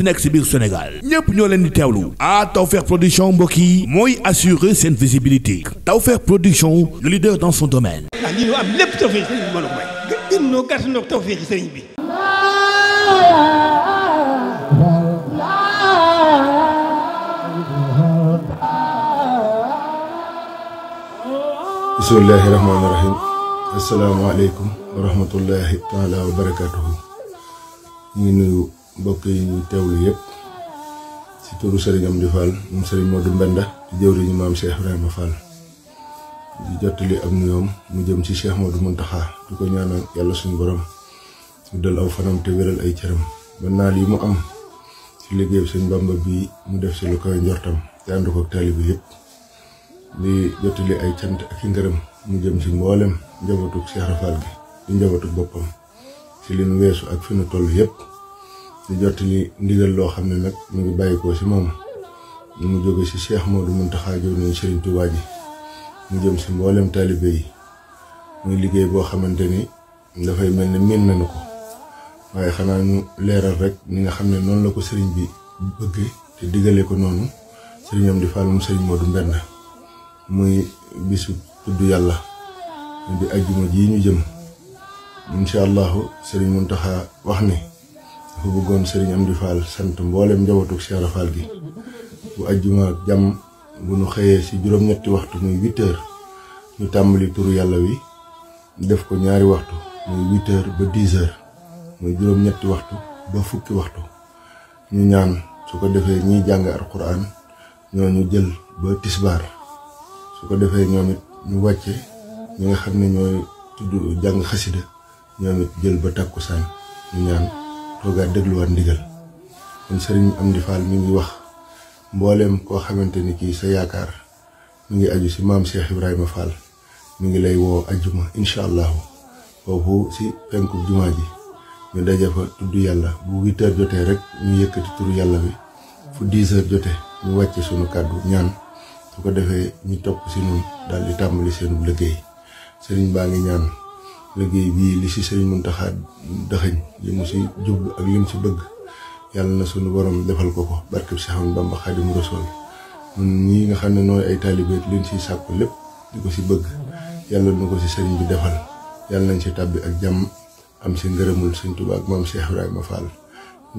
mënti nekk si biir Sénégal ñëpp ñoo leen di teewlu ah Tawfekh production mbokk yi mooy assurer seen visibilité Tawfekh production le leader dans son domaine. ah lii ñu am lépp Tawfekh sëriñ bi mën a may. gën ñoo gàtt ñoo Tawfekh sëriñ bi. bismillahi rahmaani rahim asalaamaaleykum wa rahmatullahi taala wa barakaatuhu ñu ngi nuyu mbokk yi ñu teewlu yëpp ci turu Serigne Amdi Fall moom Serigne Modou Mbenda di jëwriñu maam Cheikh Ibrahima Fall di jottali ak ñoom mu jëm ci Cheikh Modou Mountakha di ko ñaanal yàlla suñu borom guddal aw fanam te wéral ay cëram mën naa lii mu am ci liggéey Sëñ Bamba bi mu def ci lu koy njortam te ànd ko taalibe yëpp di jottali ay cant ak i mu jëm ci mbooleem njabootu Cheikh Rafal gi di njabootu boppam ci li nu weesu ak fi nu toll yëpp. jot jottali ndigal loo xam ne nag mu ngi bàyyikoo si moom mu jóge ci Cheikh Modou Mountakha jóg nañu Serigne Touba ji mu jëm si mboolem taalibe yi muy liggéey boo xamante ni dafay mel ne miin nañu ko xanaa ñu leeral rek ni nga xam ne noonu la ko Serigne bi bëggee te ko noonu Serigne am di fàllum Serigne Modou Mbenda yàlla di ajjuma ñu jëm incha allahu Serigne Mountakha wax ni. dafa bëggoon sëriñ Amdi Fall sant mbooleem njabootu Cheikh Ibra Fall gi bu ajjuma jàmm bu nu xëyee ci juróom-ñetti waxtu muy huit heures ñu tàmbali turu yàlla wi def ko ñaari waxtu muy huit ba dix heures muy juróom-ñetti waxtu ba fukki waxtu ñu ñaan su ko defee ñiy jàng ñoo ñu jël ba tisbaar su ko defee ñoom ñu wàcce ñi nga xam ne ñooy tudd jàng xasida ñoom jël ba takkusaan ñu ñaan toogaat dégluwaat ndigal kon sëriñ Amdi Fall mi ngi wax mbooleem koo xamante ni kii sa yaakaar mu ngi aju si maam Cheikh Ibrahima Fall mu ngi lay woo ajjuma incha allahu foofu si penku jumaa ji ñu daje fa tudd yàlla bu huit jotee rek ñu yëkkati turu yàlla bi fu dix heures jotee ñu wàcce sunu kàddu ñaan su ko defee ñu topp si ñun daal di tàmbali seenu liggéey sëriñ baa ngi ñaan liggéey bii li si sëriñ Muntaxa dëxëñ li mu si jublu ak li mu si bëgg yàlla na sunu borom defal ko ko barkeb si xam Bamba Xaadimu Rasuul ñun ñii nga xam ne nooy ay taalibe liñ siy sàkku lépp di ko si bëgg yàlla na ko si sëriñ bi defal yàlla nañ si tàbbi ak jàmm am si ngërëmul sëñ Tuubaa ak maam Cheikh Ibrahima Fall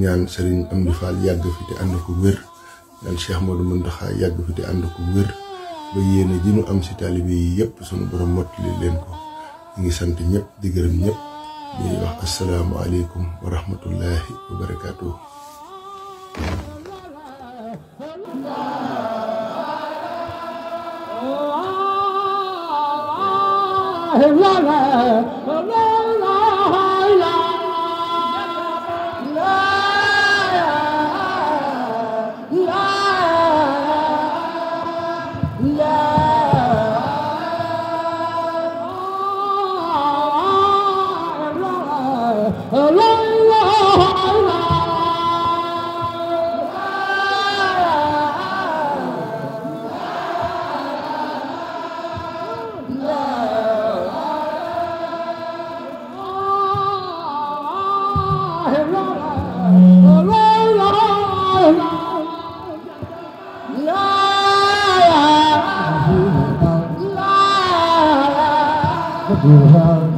ñaan sëriñ Amdi Fall yàgg fi te ànd ko wér ñaan Cheikh Modou Muntaxa yàgg fi te ànd ko wér ba yéene ji nu am si taalibe yi yëpp sunu borom mottali leen ko. ñu ngi sant ñëpp di gërëm ñëpp di wax asalaamualeykum wa rahmatullahi wa barakaatuhu. la la la you have